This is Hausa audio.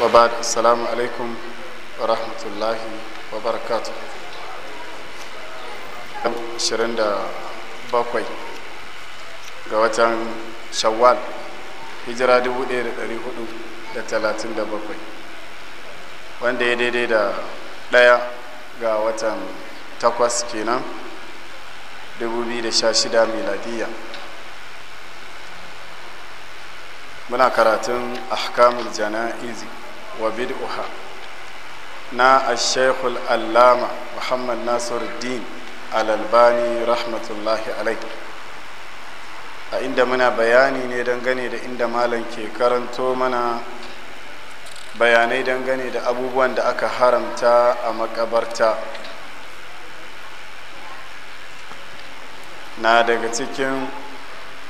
wa ba da assalamu alaikum wa rahmatullahi wa barakatu 27 ga watan shawwal hijira 1437 wanda ya daidai da ɗaya ga watan takwas kenan 2016 miladiyya muna karatun ahkamul jana'izi wa bid'uha na ashekul allama muhammad nasiruddin alalbani rahmatullahi alai a inda muna bayani ne dangane da inda malam ke karanto mana bayanai dangane da abubuwan da aka haramta a makabarta na daga cikin